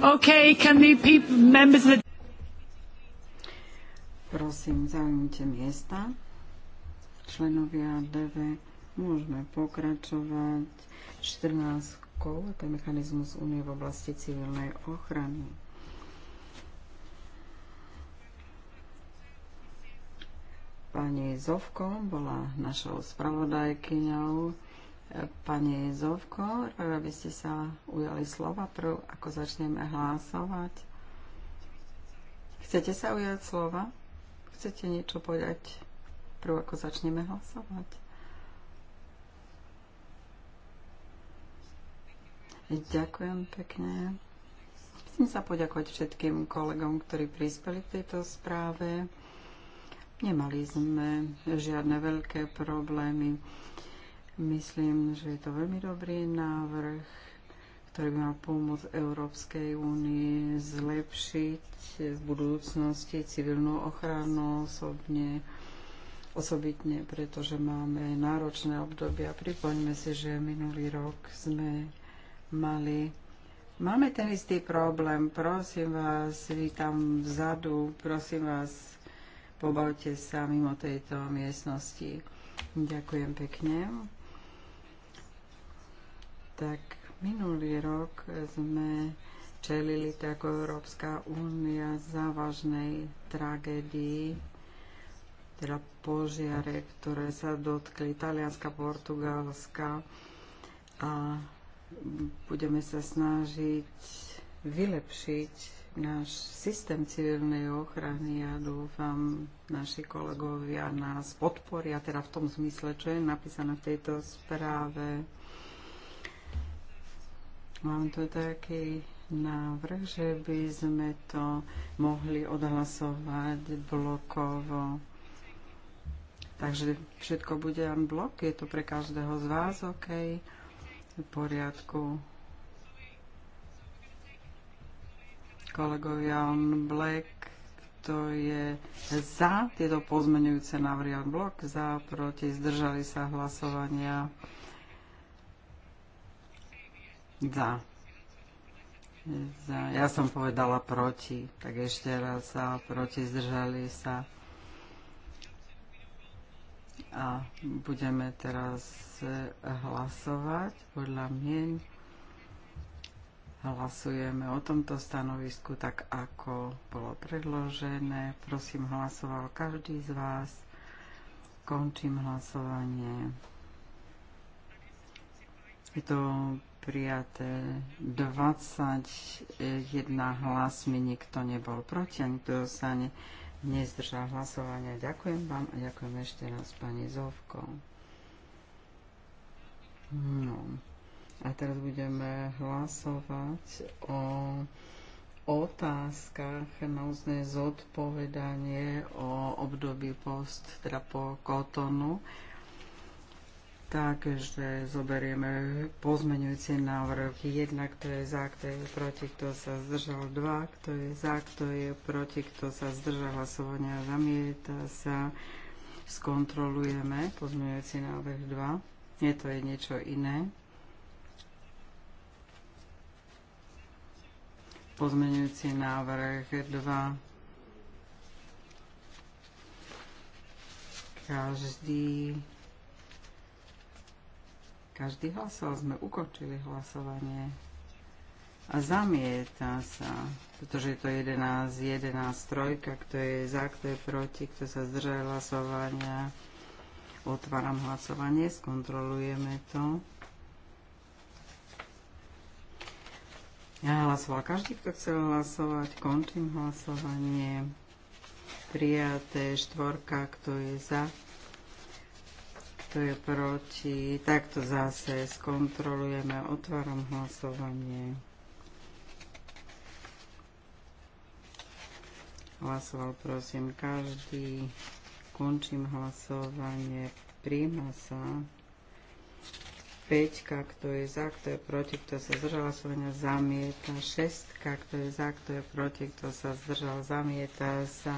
Okay, can we people, members of the... Prosím, zaujímte miesta. Členovia DV, môžeme pokračovať 14. to je mechanizmus únie v oblasti civilnej ochrany. Pani Zovko bola našou spravodajkyňou. Pani Zovko, rada by ste sa ujali slova prv, ako začneme hlasovať. Chcete sa ujať slova? Chcete niečo povedať prv, ako začneme hlasovať? Ďakujem pekne. Chcem sa poďakovať všetkým kolegom, ktorí prispeli k tejto správe. Nemali sme žiadne veľké problémy. Myslím, že je to veľmi dobrý návrh, ktorý by mal pomôcť Európskej únii zlepšiť v budúcnosti civilnú ochranu osobne, osobitne, pretože máme náročné obdobia. Pripoňme si, že minulý rok sme mali Máme ten istý problém, prosím vás, vy tam vzadu, prosím vás, Pobavte sa mimo tejto miestnosti. Ďakujem pekne. Tak minulý rok sme čelili ako Európska únia závažnej tragédii, teda požiare, ktoré sa dotkli Talianska, Portugalska a budeme sa snažiť vylepšiť náš systém civilnej ochrany, ja dúfam, naši kolegovia nás podporia, teda v tom zmysle, čo je napísané v tejto správe. Mám tu taký návrh, že by sme to mohli odhlasovať blokovo. Takže všetko bude len blok, je to pre každého z vás OK, v poriadku. kolegovia on Black, kto je za tieto pozmenujúce návrhy on blok, za, proti, zdržali sa hlasovania za. za. Ja som povedala proti, tak ešte raz za, proti, zdržali sa. A budeme teraz hlasovať podľa mien. Hlasujeme o tomto stanovisku tak, ako bolo predložené. Prosím, hlasoval každý z vás. Končím hlasovanie. Je to prijaté 21 hlasmi, nikto nebol proti, a nikto sa ne, nezdržal hlasovania. Ďakujem vám a ďakujem ešte raz pani Zovko. No. A teraz budeme hlasovať o otázkach na úzne zodpovedanie o období post, teda po kotonu. Takže zoberieme pozmeňujúci návrh 1, kto je za, kto je proti, kto sa zdržal 2, kto je za, kto je proti, kto sa zdržal hlasovania, a zamieta sa. Skontrolujeme pozmeňujúci návrh 2. Je to je niečo iné. pozmeňujúci návrh 2. Každý každý hlasoval, sme ukončili hlasovanie a zamieta sa, pretože je to 11, 11, trojka, kto je za, kto je proti, kto sa zdržal hlasovania. Otváram hlasovanie, skontrolujeme to. Ja Hlasoval každý, kto chcel hlasovať. Končím hlasovanie. Prijaté štvorka, kto je za, kto je proti. Takto zase skontrolujeme. Otváram hlasovanie. Hlasoval prosím každý. Končím hlasovanie. Príjma sa. 5, kto je za, kto je proti, kto sa zdržal hlasovania, zamieta. 6, kto je za, kto je proti, kto sa zdržal, zamieta sa.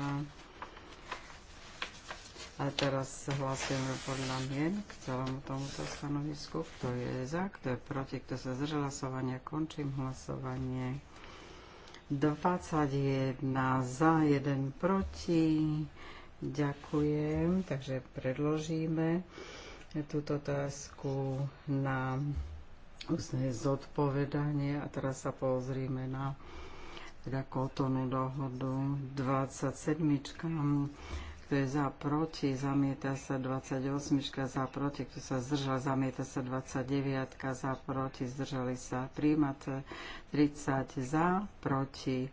A teraz hlasujeme podľa mien k celému tomuto stanovisku. Kto je za, kto je proti, kto sa zdržal hlasovania, končím hlasovanie. 21 za, 1 proti. Ďakujem, takže predložíme túto otázku na vlastne zodpovedanie a teraz sa pozrime na teda kotonu dohodu 27. Kto je za proti, zamieta sa 28. Za proti, kto sa zdržal, zamieta sa 29. Za proti, zdržali sa príjmať 30. Za proti,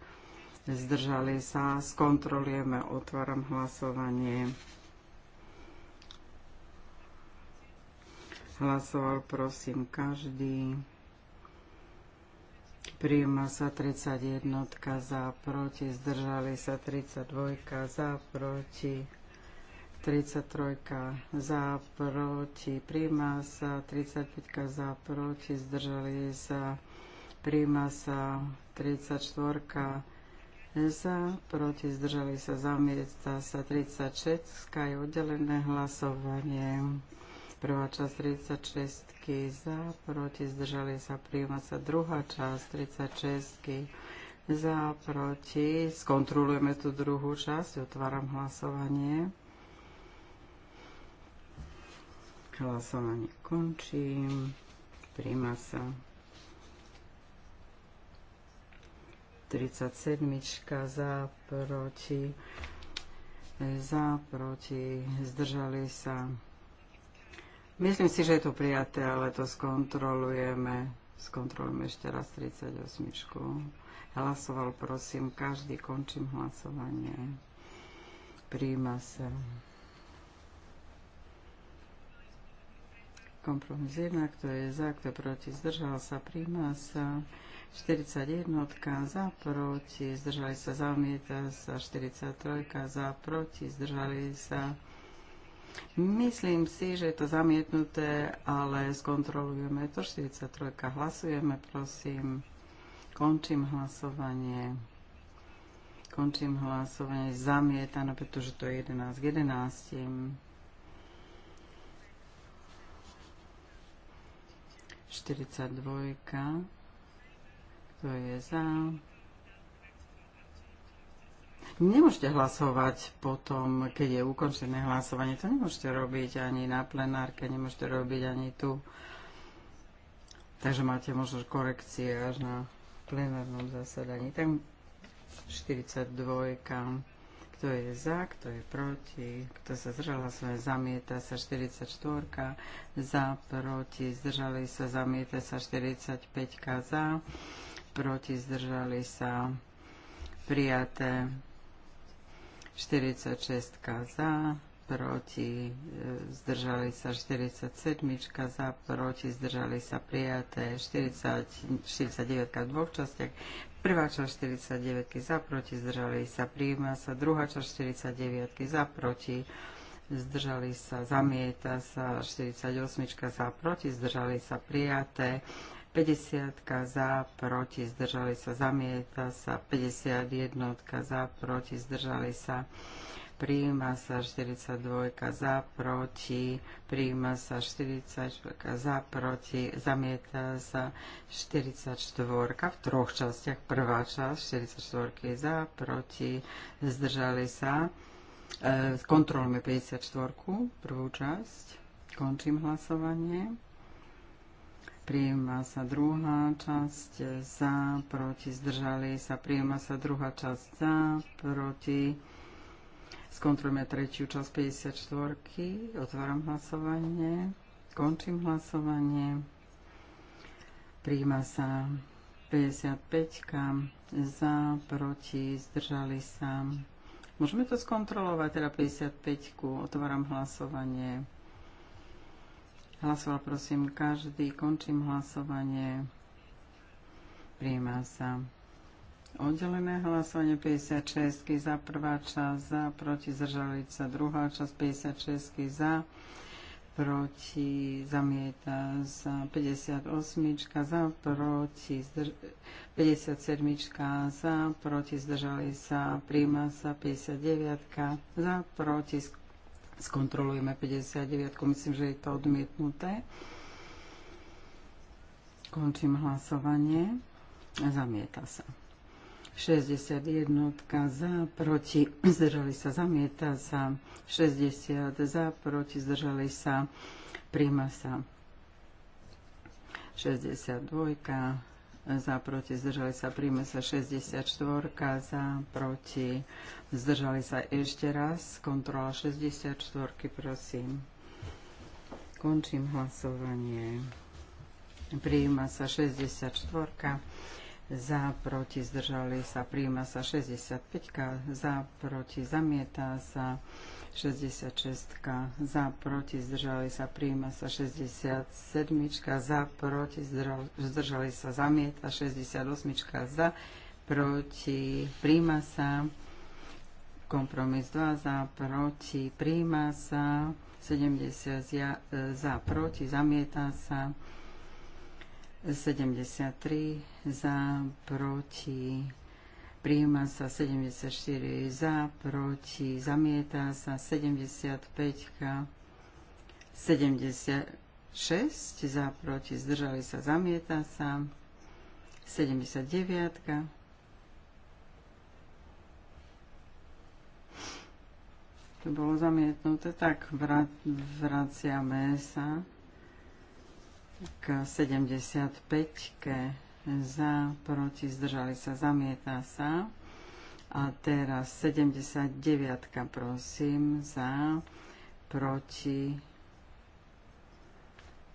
zdržali sa. Skontrolujeme, otváram hlasovanie. Hlasoval prosím každý. Prijíma sa 31 za, proti, zdržali sa 32 za, proti, 33 za, proti, prijíma sa 35 za, proti, zdržali sa, prijíma sa 34 za, proti, zdržali sa, zamieta sa 36 je oddelené hlasovanie. Prvá časť 36 za, proti, zdržali sa, príjma sa. Druhá časť 36 za, proti. Skontrolujeme tú druhú časť, otváram hlasovanie. Hlasovanie končím. Príjma sa. 37 za, proti. Za, proti, zdržali sa Myslím si, že je to prijaté, ale to skontrolujeme. Skontrolujeme ešte raz 38. Hlasoval prosím každý, končím hlasovanie. Príjma sa. Kompromis 1, kto je za, kto je proti, zdržal sa, príjma sa. 41 za, proti, zdržali sa, zamieta sa. 43 za, proti, zdržali sa. Myslím si, že je to zamietnuté, ale skontrolujeme to. 43. Hlasujeme, prosím. Končím hlasovanie. Končím hlasovanie. Zamietané, pretože to je 11 k 11. 42. Kto je za? Nemôžete hlasovať potom, keď je ukončené hlasovanie. To nemôžete robiť ani na plenárke, nemôžete robiť ani tu. Takže máte možnosť korekcie až na plenárnom zasadaní. tak 42. Kto je za, kto je proti, kto sa zdržal hlasovanie, zamieta sa 44. Za, proti, zdržali sa, zamieta sa 45. Za, proti, zdržali sa, prijaté 46 za, proti, e, zdržali sa 47, za, proti, zdržali sa prijaté 40, 49 v dvoch častiach, prvá časť 49 za, proti, zdržali sa, prijíma sa, druhá časť 49 za, proti, zdržali sa, zamieta sa, 48 za, proti, zdržali sa, prijaté, 50 za, proti, zdržali sa, zamieta sa, 51 za, proti, zdržali sa, príjma sa 42 za, proti, príjma sa 44 za, proti, zamieta sa 44 v troch častiach, prvá časť 44 za, proti, zdržali sa, e, kontrolujeme 54 prvú časť, končím hlasovanie. Prijíma sa druhá časť za, proti, zdržali sa. Prijíma sa druhá časť za, proti. Skontrolujeme tretiu časť 54. Otváram hlasovanie. Končím hlasovanie. Prijíma sa 55. Za, proti, zdržali sa. Môžeme to skontrolovať, teda 55. Otváram hlasovanie. Hlasoval prosím každý. Končím hlasovanie. Príjma sa. Oddelené hlasovanie 56 za prvá časť, za, proti zdržali sa druhá časť, 56 za, proti zamieta sa 58 za, proti zdrž- 57 za, proti zdržali sa, príjma sa 59 za, proti Skontrolujeme 59, myslím, že je to odmietnuté. Končím hlasovanie. Zamieta sa. 61 za, proti, zdržali sa, zamieta sa. 60 za, proti, zdržali sa, príjma sa. 62 za proti, zdržali sa, príjme sa 64, za proti, zdržali sa ešte raz, kontrola 64, prosím. Končím hlasovanie. Príjma sa 64, za proti, zdržali sa, príjma sa 65, za proti, zamieta sa 66 za, proti, zdržali sa, príjma sa 67 za, proti, zdržali sa, zamieta 68 za, proti, príjma sa, kompromis 2 za, proti, príjma sa, 70 za, za proti, zamieta sa, 73 za, proti, Prijíma sa 74 za, proti, zamieta sa 75, 76 za, proti, zdržali sa, zamieta sa 79. To bolo zamietnuté, tak vraciame sa k 75. -ke za, proti, zdržali sa, zamieta sa. A teraz 79, prosím, za, proti,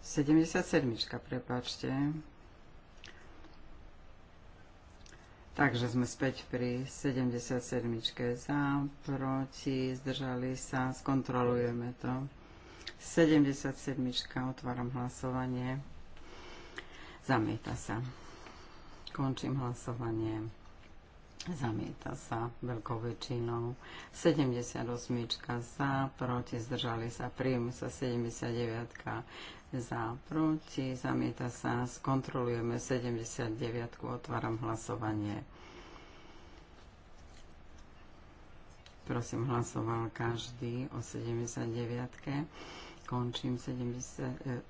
77, prepačte. Takže sme späť pri 77. Za, proti, zdržali sa, skontrolujeme to. 77. Otváram hlasovanie. Zamieta sa. Končím hlasovanie. Zamieta sa veľkou väčšinou. 78 za, proti, zdržali sa, príjmu sa 79 za, proti, zamieta sa, skontrolujeme 79, otváram hlasovanie. Prosím, hlasoval každý o 79. Končím 79,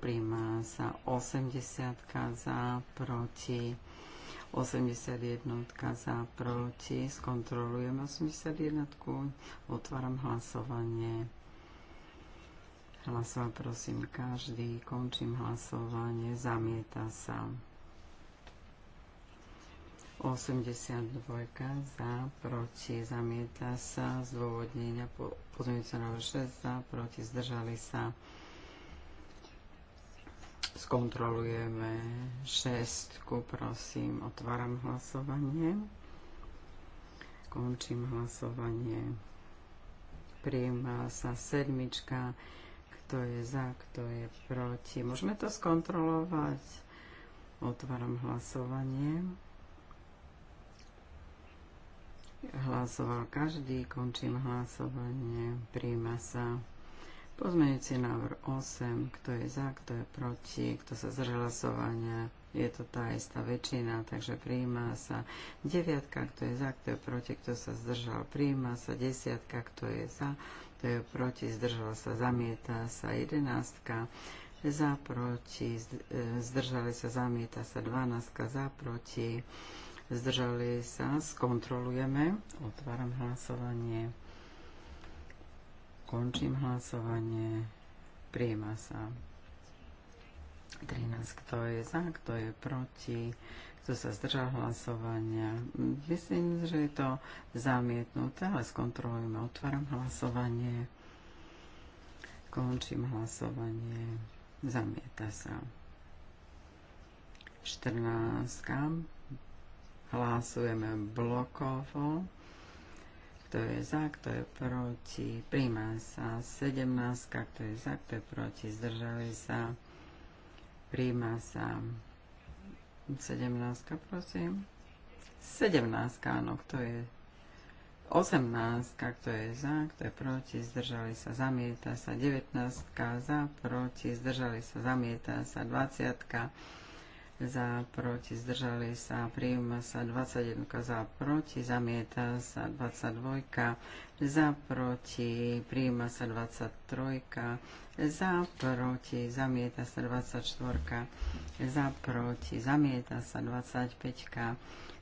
príjma sa 80 za, proti 81 za, proti. Skontrolujem 81. Otváram hlasovanie. Hlasoval prosím každý. Končím hlasovanie. Zamieta sa. 82 za, proti, zamieta sa, zdôvodnenia, pozmeňujúce na 6 za, proti, zdržali sa. Skontrolujeme šestku, prosím, otváram hlasovanie. Končím hlasovanie. Prijíma sa sedmička, kto je za, kto je proti. Môžeme to skontrolovať. Otváram hlasovanie. Hlasoval každý, končím hlasovanie, príjma sa. Pozmeňujúci návrh 8, kto je za, kto je proti, kto sa zdržal hlasovania, je to tá istá väčšina, takže príjma sa. Deviatka, kto je za, kto je proti, kto sa zdržal, príjma sa. Desiatka, kto je za, kto je proti, zdržal sa, zamieta sa. Jedenáctka, za, proti, e, zdržali sa, zamieta sa. Dvanáctka, za, proti, zdržali sa, skontrolujeme, otváram hlasovanie, končím hlasovanie, prijíma sa. 13, kto je za, kto je proti, kto sa zdržal hlasovania. Myslím, že je to zamietnuté, ale skontrolujeme, otváram hlasovanie, končím hlasovanie, zamieta sa. 14, Hlasujeme blokovo. Kto je za, kto je proti, príjma sa 17, kto je za, kto je proti, zdržali sa, príjma sa 17, prosím. 17, áno, kto je 18, kto je za, kto je proti, zdržali sa, zamieta sa, 19, za, proti, zdržali sa, zamieta sa, 20, za, proti, zdržali sa, prijíma sa 21 za, proti, zamieta sa 22 za, proti, prijíma sa 23 za, proti, zamieta sa 24 za, proti, zamieta sa 25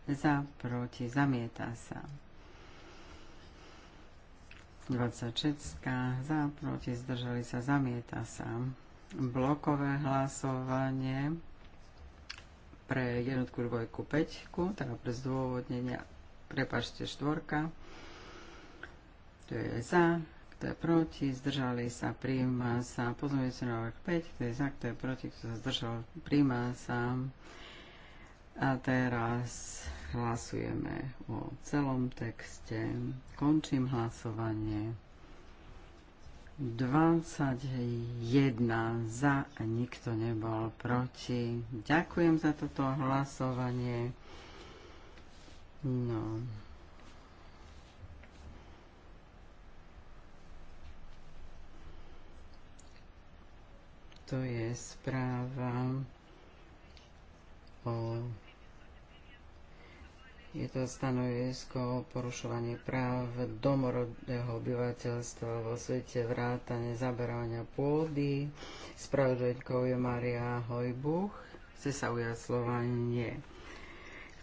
za, proti, zamieta sa 26 za, proti, zdržali sa, zamieta sa blokové hlasovanie pre jednotku, dvojku, peťku, teda pre zdôvodnenia, prepačte, štvorka. to je za, kto je proti, zdržali sa, príjma sa, pozmeňujúci návrh 5, kto je za, kto je proti, kto sa zdržal, príjma sa. A teraz hlasujeme o celom texte. Končím hlasovanie. 21 za a nikto nebol proti. Ďakujem za toto hlasovanie. No. To je správa o je to stanovisko o porušovaní práv domorodého obyvateľstva vo svete vrátane zaberania pôdy. Spravodajkou je Maria Hojbuch. Chce sa ujať slova nie.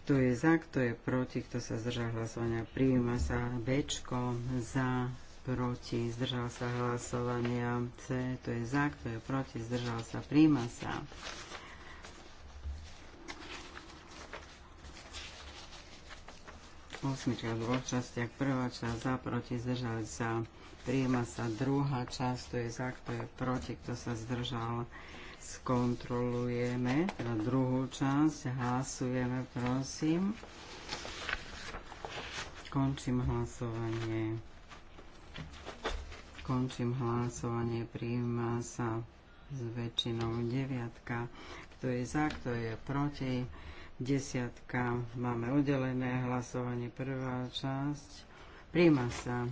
Kto je za, kto je proti, kto sa zdržal hlasovania, prijíma sa B, za, proti, zdržal sa hlasovania C, to je za, kto je proti, zdržal sa, prijíma sa. osmička v dvoch častiach. Prvá časť za, proti, zdržali sa. Prijíma sa druhá časť, to je za, kto je proti, kto sa zdržal. Skontrolujeme, teda druhú časť, hlasujeme, prosím. Končím hlasovanie. Končím hlasovanie, prijíma sa s väčšinou deviatka. Kto je za, kto je proti, Desiatka. Máme oddelené hlasovanie. Prvá časť. Príjma sa.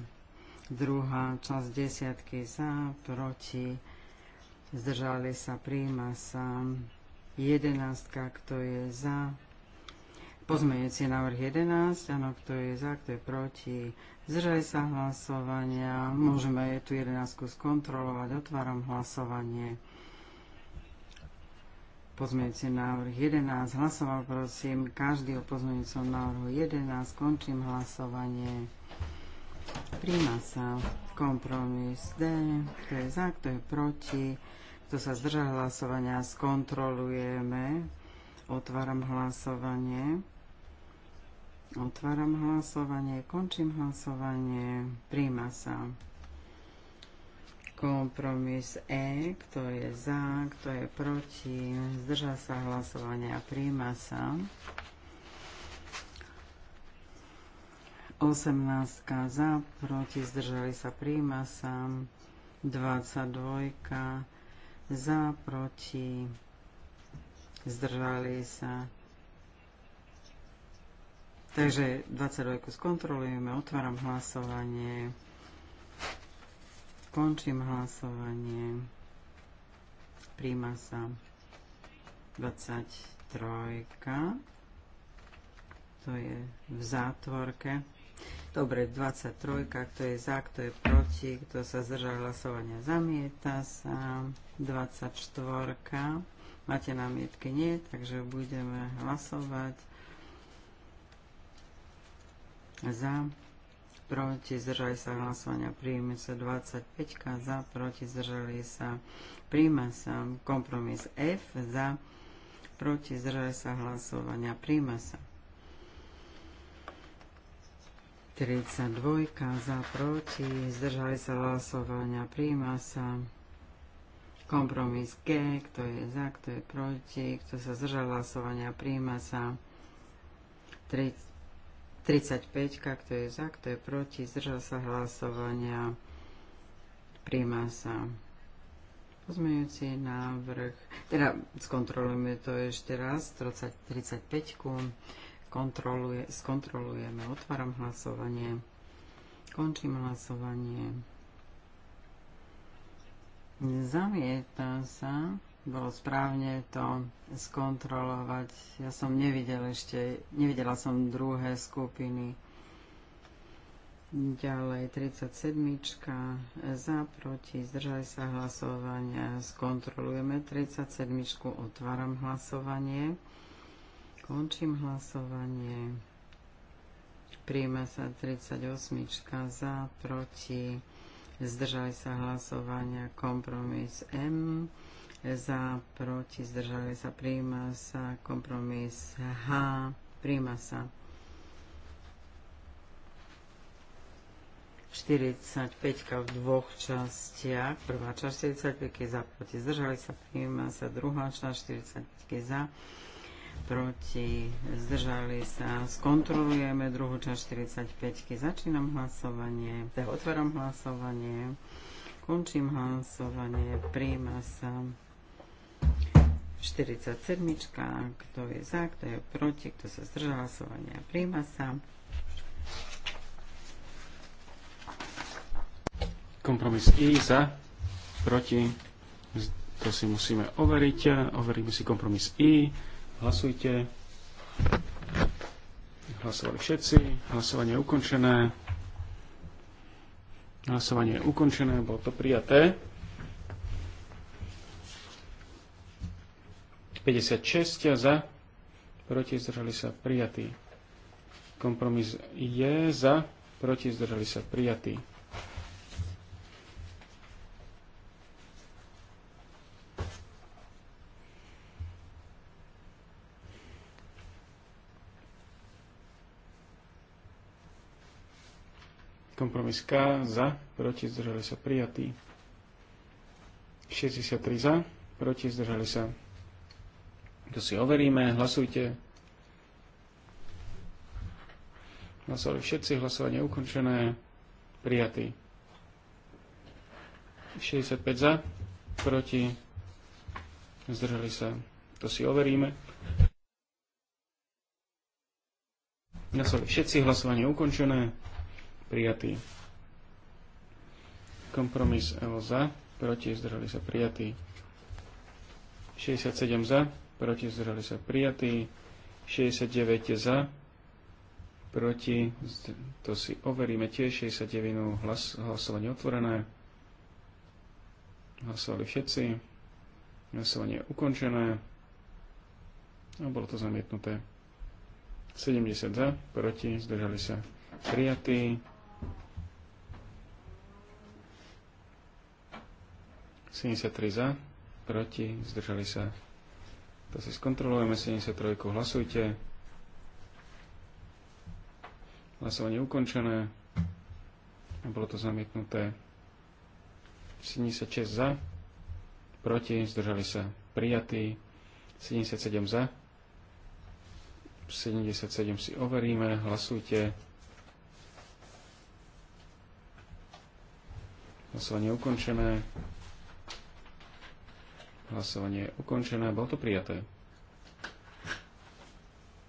Druhá časť desiatky za, proti. Zdržali sa. Príjma sa. Jedenáctka. Kto je za? Pozmeňujúci návrh 11. Áno, kto je za, kto je proti. Zdržali sa hlasovania. Môžeme tu 11 skontrolovať. Otváram hlasovanie. Pozmeňujúci návrh 11. Hlasoval prosím každý o pozmeňujúcom návrhu 11. Končím hlasovanie. Príjma sa kompromis D. Kto je za, kto je proti, kto sa zdrža hlasovania, skontrolujeme. Otváram hlasovanie. Otváram hlasovanie, končím hlasovanie, príjma sa. Kompromis E, kto je za, kto je proti, zdržal sa hlasovania a príjma sa. 18 za, proti, zdržali sa, príjma sa. 22 za, proti, zdržali sa. Takže 22 skontrolujeme, otváram hlasovanie. Končím hlasovanie. Príjma sa 23. To je v zátvorke. Dobre, 23. Kto je za, kto je proti, kto sa zdržal hlasovania, zamieta sa. 24. Máte námietky? Nie, takže budeme hlasovať za proti, zdržali sa hlasovania, príjme sa 25 za, proti, zdržali sa, príjme sa kompromis F za, proti, zdržali sa hlasovania, príjme sa 32 za, proti, zdržali sa hlasovania, príjme sa kompromis G, kto je za, kto je proti, kto sa zdržal hlasovania, príjma sa 35 35, kto je za, kto je proti, zdržal sa hlasovania, príjma sa pozmeňujúci návrh, teda skontrolujeme to ešte raz, 35, kontroluje, skontrolujeme, otváram hlasovanie, končím hlasovanie, zamieta sa, bolo správne to skontrolovať. Ja som nevidel ešte, nevidela som druhé skupiny. Ďalej 37. Za, proti, zdržali sa hlasovania. Skontrolujeme 37. Otváram hlasovanie. Končím hlasovanie. Príjme sa 38. Za, proti, zdržali sa hlasovania. Kompromis M za, proti, zdržali sa, príjma sa, kompromis H, príjma sa. 45 v dvoch častiach. Prvá časť 45 je za, proti, zdržali sa, príjma sa. Druhá časť 45 za, proti, zdržali sa. Skontrolujeme druhú časť 45. Začínam hlasovanie, teda otváram hlasovanie, končím hlasovanie, príjma sa. 47. Kto je za, kto je proti, kto sa zdržal hlasovania, a príjma sa. Kompromis I za, proti, to si musíme overiť. Overíme si kompromis I. Hlasujte. Hlasovali všetci. Hlasovanie je ukončené. Hlasovanie je ukončené, bolo to prijaté. 56 za, proti zdržali sa prijatí. Kompromis je za, proti zdržali sa prijatí. Kompromis K za, proti zdržali sa prijatí. 63 za, proti zdržali sa prijatí. To si overíme, hlasujte. Hlasovali všetci, hlasovanie ukončené, prijatý. 65 za, proti, zdržali sa. To si overíme. Hlasovali všetci, hlasovanie ukončené, prijatý. Kompromis L za, proti, zdržali sa, prijatý. 67 za, proti zdržali sa prijatí, 69 je za, proti, to si overíme tiež, 69 hlas, hlasovanie otvorené, hlasovali všetci, hlasovanie je ukončené a bolo to zamietnuté. 70 za, proti, zdržali sa prijatí, 73 za, proti, zdržali sa to si skontrolujeme, 73. Hlasujte. Hlasovanie ukončené. Bolo to zamietnuté. 76 za. Proti. Zdržali sa. Prijatí. 77 za. 77 si overíme. Hlasujte. Hlasovanie ukončené. Hlasovanie je ukončené. Bolo to prijaté.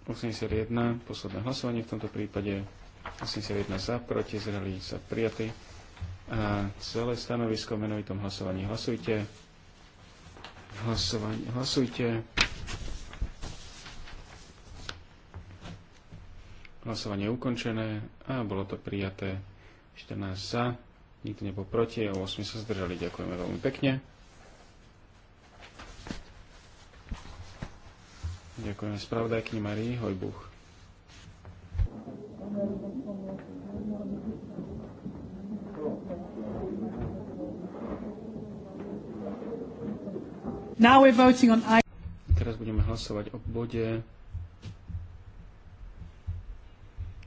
81, posledné hlasovanie v tomto prípade. 81 za, proti, zreli sa prijatí. A celé stanovisko v menovitom hlasovaní hlasujte. Hlasovanie, hlasujte. Hlasovanie je ukončené a bolo to prijaté 14 za, nikto nebol proti a 8 sa zdržali. Ďakujeme veľmi pekne. Ďakujem spravodajkyni Marii Hojbuch. Now we're voting on I- Teraz budeme hlasovať o bode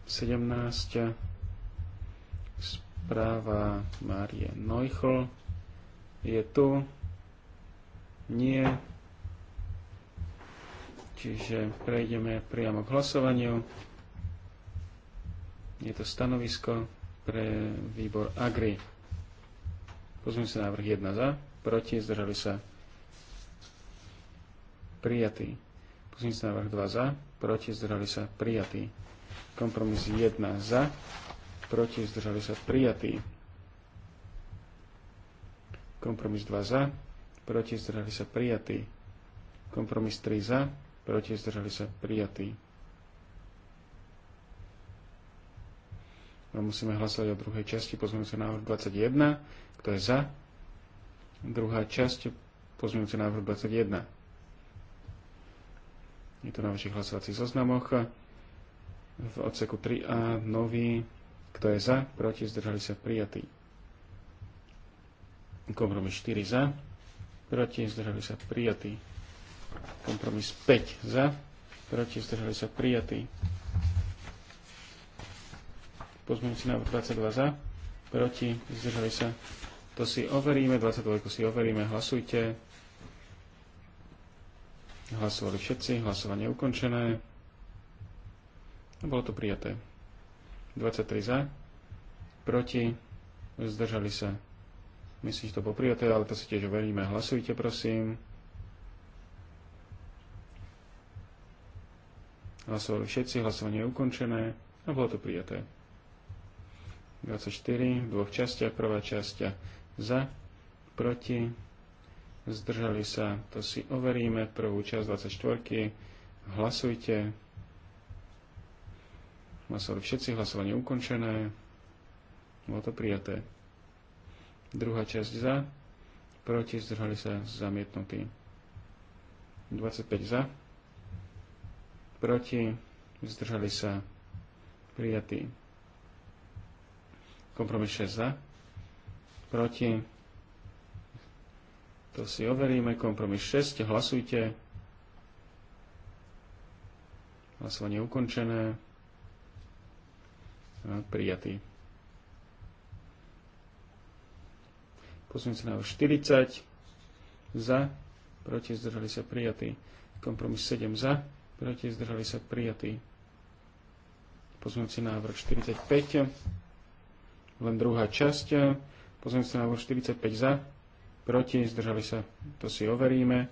17 správa Márie Neuchl je tu nie Čiže prejdeme priamo k hlasovaniu. Je to stanovisko pre výbor Agri. Pozrieme sa návrh 1 za, proti, zdržali sa prijatý. Pozrieme sa návrh 2 za, proti, zdržali sa prijatý. Kompromis 1 za, proti, zdržali sa prijatý. Kompromis 2 za, proti, zdržali sa prijatý. Kompromis 3 za, proti, zdržali sa prijatí. Musíme hlasovať o druhej časti pozmeňujúceho návrh 21. Kto je za? Druhá časť pozmeňujúceho návrh 21. Je to na vašich hlasovacích zoznamoch. V odseku 3a nový. Kto je za? Proti, zdržali sa prijatí. Kompromis 4 za. Proti, zdržali sa prijatí. Kompromis 5 za, proti zdržali sa prijatí. Pozmeňujúci návrh 22 za, proti zdržali sa. To si overíme, 22 si overíme, hlasujte. Hlasovali všetci, hlasovanie ukončené. A bolo to prijaté. 23 za, proti, zdržali sa. Myslím, že to bolo prijaté, ale to si tiež overíme. Hlasujte, prosím. Hlasovali všetci, hlasovanie je ukončené a bolo to prijaté. 24 v dvoch častiach, prvá časť za, proti, zdržali sa, to si overíme, prvú časť 24, hlasujte. Hlasovali všetci, hlasovanie ukončené, bolo to prijaté. Druhá časť za, proti, zdržali sa, zamietnutí. 25 za, proti, zdržali sa prijatí. Kompromis 6 za, proti, to si overíme, kompromis 6, hlasujte. Hlasovanie ukončené. A prijatý. Posunúť sa na 40 za, proti zdržali sa prijatý. Kompromis 7 za, proti, zdržali sa prijatí. Pozmeňujúci návrh 45, len druhá časť. Pozmeňujúci návrh 45 za, proti, zdržali sa, to si overíme.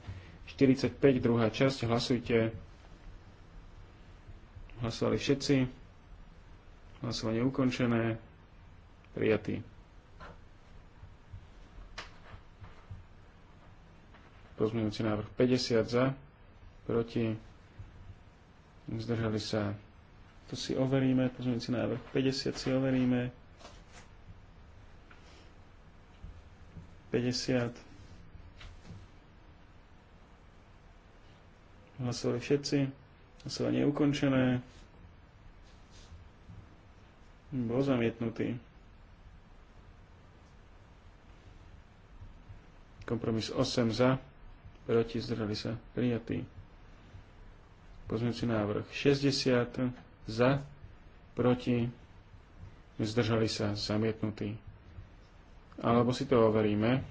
45, druhá časť, hlasujte. Hlasovali všetci. Hlasovanie ukončené. Prijatý. Pozmeňujúci návrh 50 za, proti, zdržali sa, to si overíme, pozmeňujúci návrh 50 si overíme, 50, hlasovali všetci, hlasovanie je ukončené, bol zamietnutý. Kompromis 8 za, proti zdržali sa, prijatý. Pozmeňujúci návrh 60 za, proti, zdržali sa zamietnutí. Alebo si to overíme.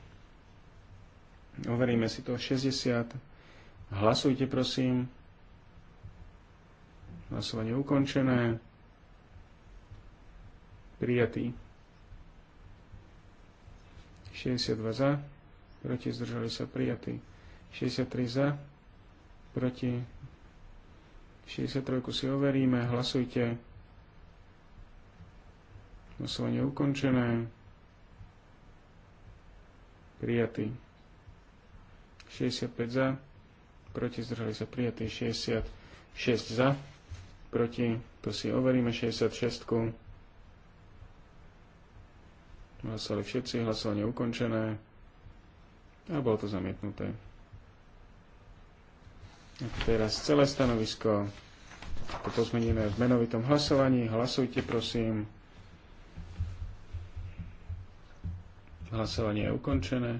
Overíme si to 60. Hlasujte prosím. Hlasovanie ukončené. Prijatý. 62 za, proti zdržali sa prijatí. 63 za, proti 63 si overíme, hlasujte. Hlasovanie ukončené. Prijatý. 65 za. Proti zdržali sa prijatý. 66 za. Proti. To si overíme. 66. Hlasovali všetci. Hlasovanie ukončené. A bolo to zamietnuté. Teraz celé stanovisko. Toto zmeníme v menovitom hlasovaní. Hlasujte, prosím. Hlasovanie je ukončené.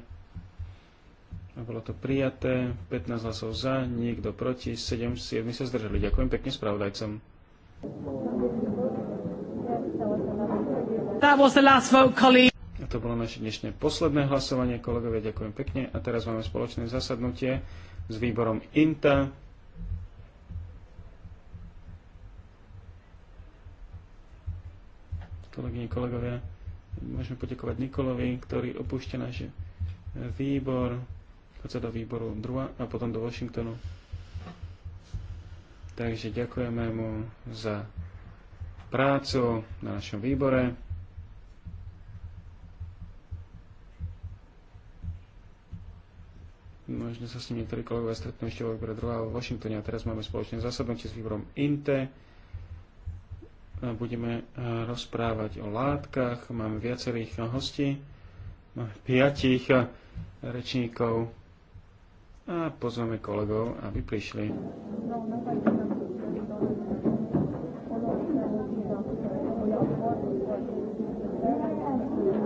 A bolo to prijaté. 15 hlasov za, nikto proti, 7, 7 sa zdržali. Ďakujem pekne spravodajcom. That was the last vote, colleague. To bolo naše dnešné posledné hlasovanie. Kolegovia, ďakujem pekne. A teraz máme spoločné zasadnutie s výborom INTA. Kolegyne, kolegovia, môžeme poďakovať Nikolovi, ktorý opúšťa náš výbor, chodca do výboru Drua a potom do Washingtonu. Takže ďakujeme mu za prácu na našom výbore. možno sa s ním niektorí kolegovia stretnú ešte vo výbore druhého v Washingtone a teraz máme spoločné zasadnutie s výborom INTE. Budeme rozprávať o látkach, máme viacerých hostí, piatich rečníkov a pozveme kolegov, aby prišli. No, no, no, no.